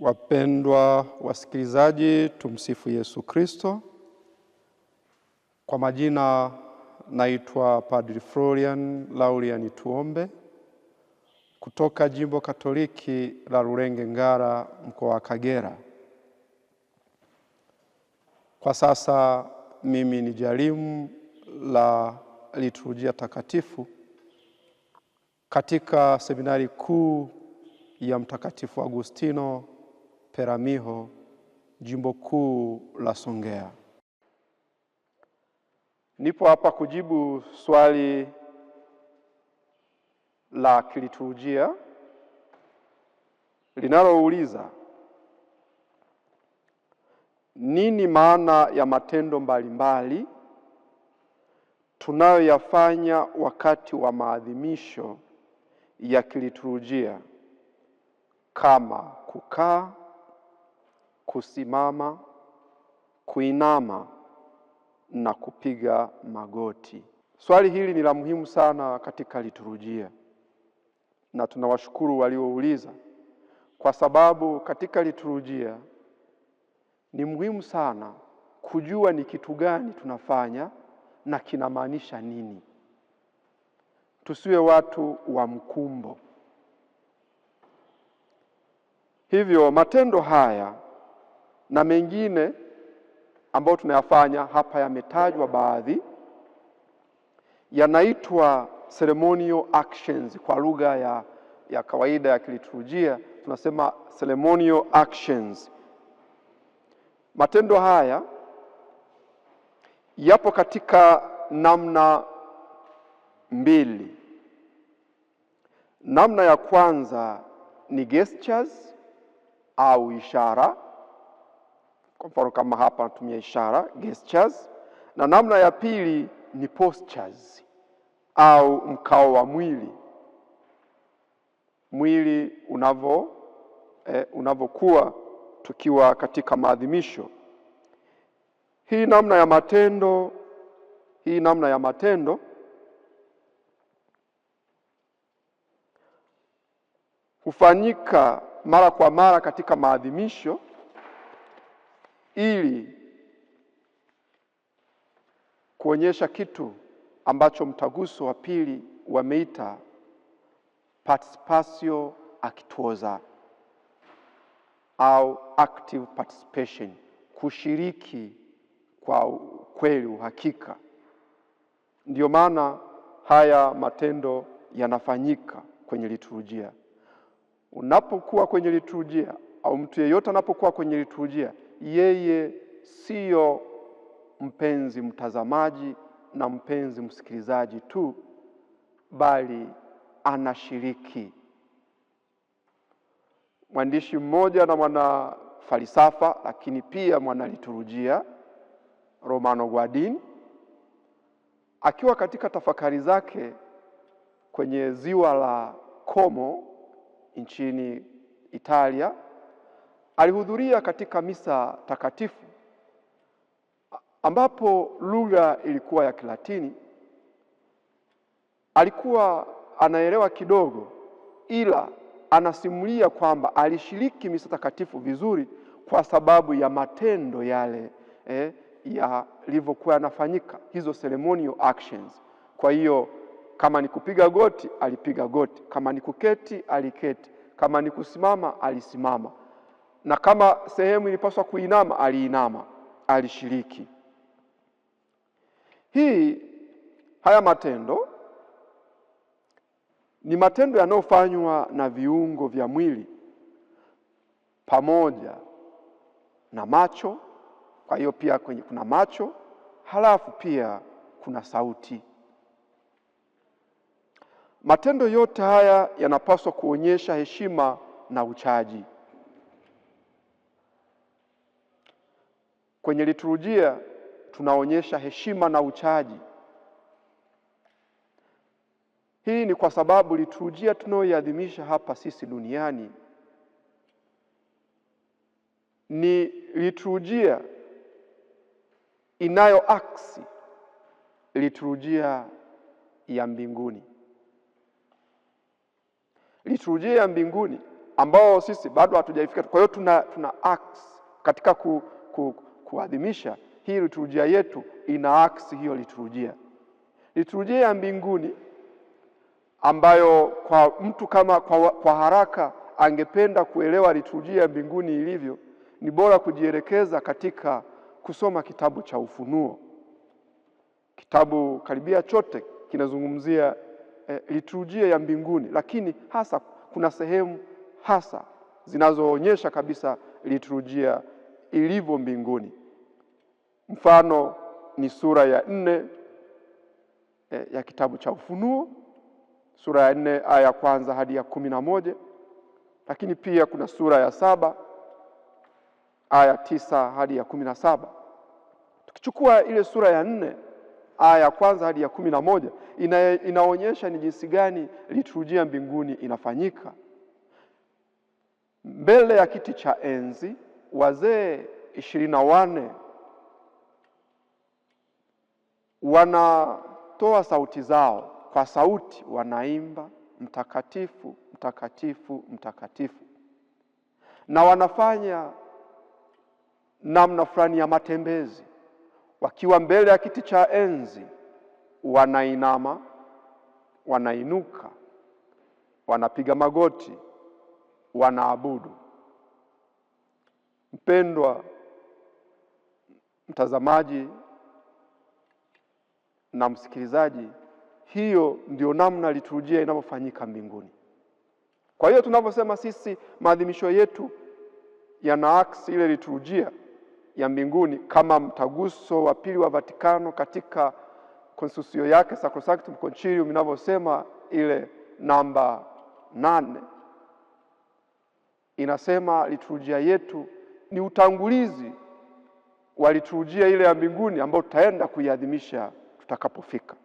Wapendwa wasikilizaji, tumsifu Yesu Kristo. Kwa majina naitwa Padri Florian Laurian Tuombe kutoka Jimbo Katoliki la Rulenge Ngara, mkoa wa Kagera. Kwa sasa mimi ni jalimu la liturujia takatifu katika seminari kuu ya Mtakatifu Agustino Peramiho, jimbo kuu la Songea. Nipo hapa kujibu swali la kiliturujia linalouliza nini maana ya matendo mbalimbali tunayoyafanya wakati wa maadhimisho ya kiliturujia kama kukaa kusimama, kuinama na kupiga magoti. Swali hili ni la muhimu sana katika liturujia, na tunawashukuru waliouliza, kwa sababu katika liturujia ni muhimu sana kujua ni kitu gani tunafanya na kinamaanisha nini. Tusiwe watu wa mkumbo. Hivyo matendo haya na mengine ambayo tunayafanya hapa yametajwa baadhi, yanaitwa ceremonial actions kwa lugha ya, ya kawaida ya kiliturujia tunasema ceremonial actions. Matendo haya yapo katika namna mbili. Namna ya kwanza ni gestures au ishara kwa mfano kama hapa natumia ishara gestures, na namna ya pili ni postures au mkao wa mwili, mwili unavo eh, unavyokuwa tukiwa katika maadhimisho. Hii namna ya matendo, hii namna ya matendo hufanyika mara kwa mara katika maadhimisho ili kuonyesha kitu ambacho mtaguso wa pili wameita participatio actuosa au active participation, kushiriki kwa kweli, uhakika. Ndiyo maana haya matendo yanafanyika kwenye liturujia. Unapokuwa kwenye liturujia au mtu yeyote anapokuwa kwenye liturujia yeye siyo mpenzi mtazamaji na mpenzi msikilizaji tu, bali anashiriki. Mwandishi mmoja na mwana falsafa lakini pia mwana liturujia Romano Guardini akiwa katika tafakari zake kwenye ziwa la Como nchini Italia Alihudhuria katika misa takatifu ambapo lugha ilikuwa ya Kilatini. Alikuwa anaelewa kidogo, ila anasimulia kwamba alishiriki misa takatifu vizuri kwa sababu ya matendo yale eh, yalivyokuwa yanafanyika, hizo ceremonial actions. Kwa hiyo kama ni kupiga goti alipiga goti, kama ni kuketi aliketi, kama ni kusimama alisimama na kama sehemu ilipaswa kuinama aliinama, alishiriki. Hii haya matendo ni matendo yanayofanywa na viungo vya mwili pamoja na macho. Kwa hiyo pia kwenye kuna macho, halafu pia kuna sauti. Matendo yote haya yanapaswa kuonyesha heshima na uchaji. Kwenye liturujia tunaonyesha heshima na uchaji. Hii ni kwa sababu liturujia tunayoiadhimisha hapa sisi duniani ni liturujia inayoaksi liturujia ya mbinguni. Liturujia ya mbinguni ambao sisi bado hatujaifika, kwa hiyo tuna, tuna aksi katika ku, ku, kuadhimisha hii liturujia yetu ina aksi hiyo liturujia, liturujia ya mbinguni ambayo kwa mtu kama kwa, kwa haraka angependa kuelewa liturujia ya mbinguni ilivyo, ni bora kujielekeza katika kusoma kitabu cha Ufunuo. Kitabu karibia chote kinazungumzia eh, liturujia ya mbinguni, lakini hasa kuna sehemu hasa zinazoonyesha kabisa liturujia ilivyo mbinguni. Mfano ni sura ya nne e, ya kitabu cha Ufunuo, sura ya nne aya ya kwanza hadi ya kumi na moja lakini pia kuna sura ya saba aya tisa hadi ya kumi na saba Tukichukua ile sura ya nne aya ya kwanza hadi ya kumi na moja ina, inaonyesha ni jinsi gani liturujia mbinguni inafanyika. Mbele ya kiti cha enzi wazee ishirini na wanne wanatoa sauti zao kwa sauti, wanaimba mtakatifu, mtakatifu, mtakatifu, na wanafanya namna fulani ya matembezi wakiwa mbele ya kiti cha enzi, wanainama, wanainuka, wanapiga magoti, wanaabudu. Mpendwa mtazamaji na msikilizaji, hiyo ndio namna liturujia inavyofanyika mbinguni. Kwa hiyo tunavyosema sisi maadhimisho yetu yanaaksi ile liturujia ya mbinguni, kama mtaguso wa pili wa Vatikano katika konstitusio yake Sacrosanctum Concilium inavyosema ile namba nane inasema liturujia yetu ni utangulizi wa liturujia ile ya mbinguni ambayo tutaenda kuiadhimisha tutakapofika.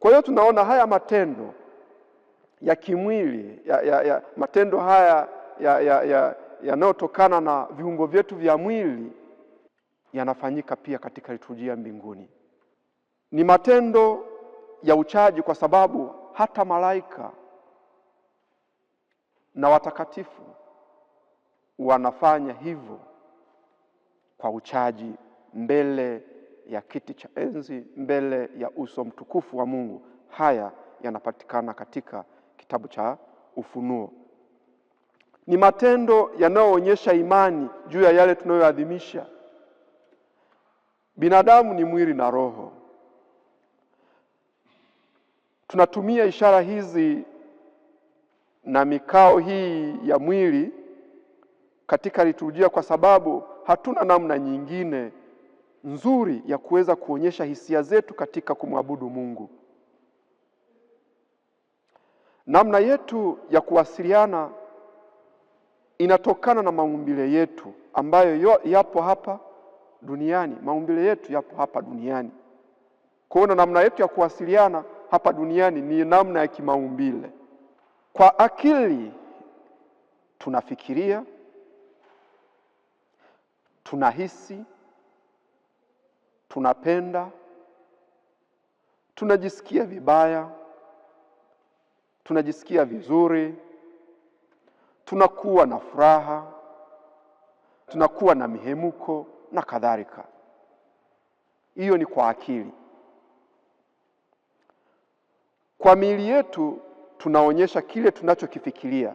Kwa hiyo tunaona haya matendo ya kimwili ya, ya, ya, matendo haya yanayotokana ya, ya, ya na viungo vyetu vya mwili yanafanyika pia katika liturujia mbinguni. Ni matendo ya uchaji kwa sababu hata malaika na watakatifu wanafanya hivyo kwa uchaji mbele ya kiti cha enzi mbele ya uso mtukufu wa Mungu. Haya yanapatikana katika kitabu cha Ufunuo. Ni matendo yanayoonyesha imani juu ya yale tunayoadhimisha. Binadamu ni mwili na roho. Tunatumia ishara hizi na mikao hii ya mwili katika liturujia kwa sababu hatuna namna nyingine nzuri ya kuweza kuonyesha hisia zetu katika kumwabudu Mungu. Namna yetu ya kuwasiliana inatokana na maumbile yetu ambayo yapo hapa duniani. Maumbile yetu yapo hapa duniani, kwa hiyo namna yetu ya kuwasiliana hapa duniani ni namna ya kimaumbile. Kwa akili tunafikiria, tunahisi tunapenda, tunajisikia vibaya, tunajisikia vizuri, tunakuwa na furaha, tunakuwa na mihemuko na kadhalika. Hiyo ni kwa akili. Kwa miili yetu tunaonyesha kile tunachokifikiria.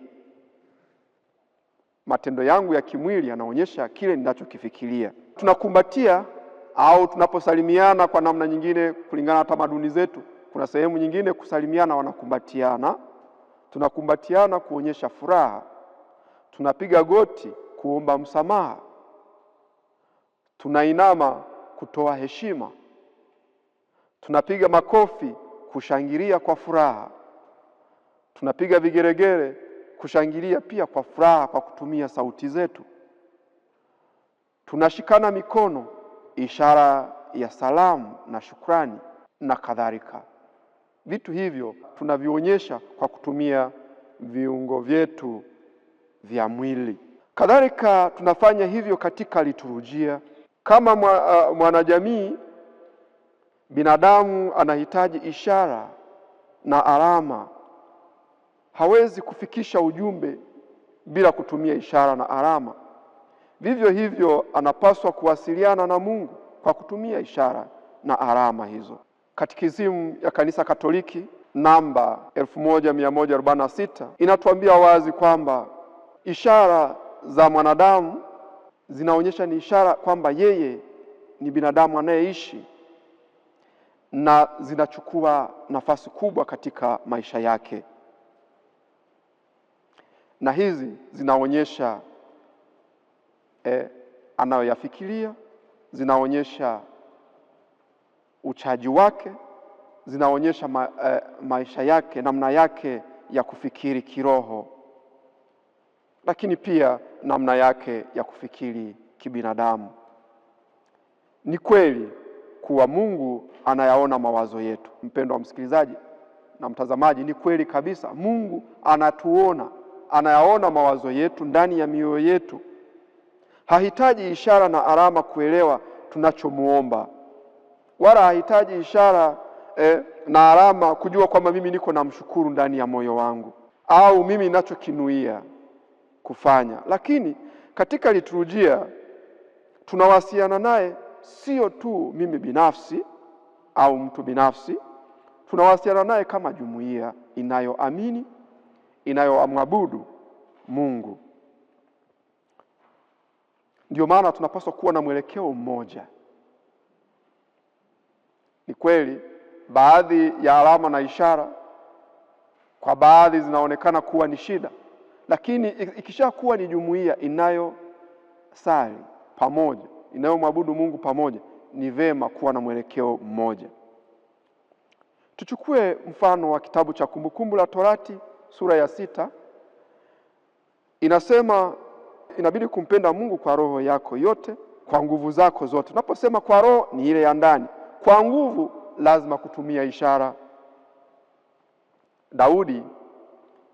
Matendo yangu ya kimwili yanaonyesha kile ninachokifikiria. Tunakumbatia au tunaposalimiana kwa namna nyingine kulingana na tamaduni zetu. Kuna sehemu nyingine kusalimiana wanakumbatiana, tunakumbatiana kuonyesha furaha, tunapiga goti kuomba msamaha, tunainama kutoa heshima, tunapiga makofi kushangilia kwa furaha, tunapiga vigeregere kushangilia pia kwa furaha kwa kutumia sauti zetu, tunashikana mikono ishara ya salamu na shukrani na kadhalika. Vitu hivyo tunavionyesha kwa kutumia viungo vyetu vya mwili. Kadhalika tunafanya hivyo katika liturujia. Kama mwanajamii, binadamu anahitaji ishara na alama. Hawezi kufikisha ujumbe bila kutumia ishara na alama. Vivyo hivyo anapaswa kuwasiliana na Mungu kwa kutumia ishara na alama hizo. Katekisimu ya Kanisa Katoliki namba 1146 inatuambia wazi kwamba ishara za mwanadamu zinaonyesha ni ishara kwamba yeye ni binadamu anayeishi na zinachukua nafasi kubwa katika maisha yake, na hizi zinaonyesha eh, anayoyafikiria, zinaonyesha uchaji wake, zinaonyesha ma, eh, maisha yake, namna yake ya kufikiri kiroho, lakini pia namna yake ya kufikiri kibinadamu. Ni kweli kuwa Mungu anayaona mawazo yetu, mpendo wa msikilizaji na mtazamaji. Ni kweli kabisa, Mungu anatuona, anayaona mawazo yetu ndani ya mioyo yetu. Hahitaji ishara na alama kuelewa tunachomuomba, wala hahitaji ishara eh, na alama kujua kwamba mimi niko na mshukuru ndani ya moyo wangu au mimi ninachokinuia kufanya. Lakini katika liturujia tunawasiliana naye sio tu mimi binafsi au mtu binafsi, tunawasiliana naye kama jumuiya inayoamini inayomwabudu Mungu. Ndio maana tunapaswa kuwa na mwelekeo mmoja. Ni kweli baadhi ya alama na ishara kwa baadhi zinaonekana kuwa ni shida, lakini ikishakuwa ni jumuiya inayosali pamoja, inayomwabudu Mungu pamoja, ni vema kuwa na mwelekeo mmoja. Tuchukue mfano wa kitabu cha Kumbukumbu la Torati sura ya sita, inasema inabidi kumpenda Mungu kwa roho yako yote, kwa nguvu zako zote. unaposema kwa roho ni ile ya ndani, kwa nguvu lazima kutumia ishara. Daudi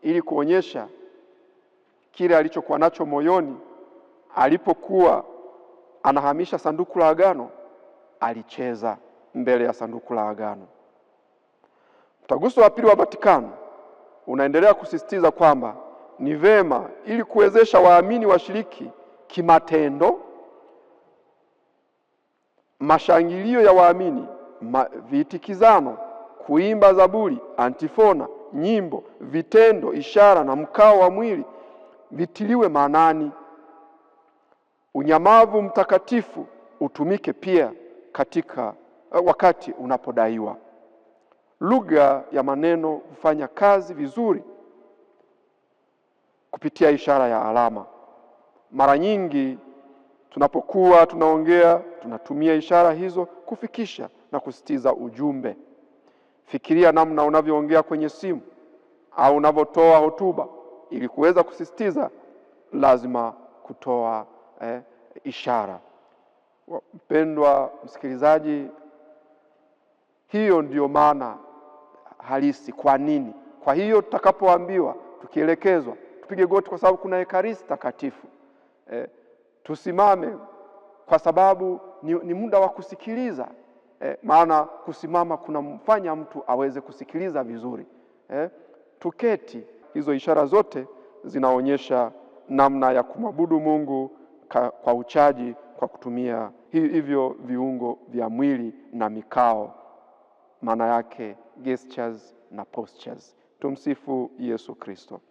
ili kuonyesha kile alichokuwa nacho moyoni alipokuwa anahamisha sanduku la agano, alicheza mbele ya sanduku la agano. Mtaguso wa Pili wa Vatikano unaendelea kusisitiza kwamba ni vema ili kuwezesha waamini washiriki kimatendo, mashangilio ya waamini, vitikizano kuimba zaburi, antifona, nyimbo, vitendo, ishara na mkao wa mwili vitiliwe maanani. Unyamavu mtakatifu utumike pia katika eh, wakati unapodaiwa. Lugha ya maneno hufanya kazi vizuri kupitia ishara ya alama. Mara nyingi tunapokuwa tunaongea tunatumia ishara hizo kufikisha na kusitiza ujumbe. Fikiria namna unavyoongea kwenye simu au unavyotoa hotuba. Ili kuweza kusisitiza, lazima kutoa eh, ishara. Mpendwa msikilizaji, hiyo ndiyo maana halisi. Kwa nini? Kwa hiyo tutakapoambiwa, tukielekezwa tupige goti kwa sababu kuna ekaristi takatifu e, tusimame kwa sababu ni, ni muda wa kusikiliza e, maana kusimama kunamfanya mtu aweze kusikiliza vizuri e, tuketi. Hizo ishara zote zinaonyesha namna ya kumwabudu Mungu ka, kwa uchaji kwa kutumia hivyo viungo vya mwili na mikao, maana yake gestures na postures. Tumsifu Yesu Kristo.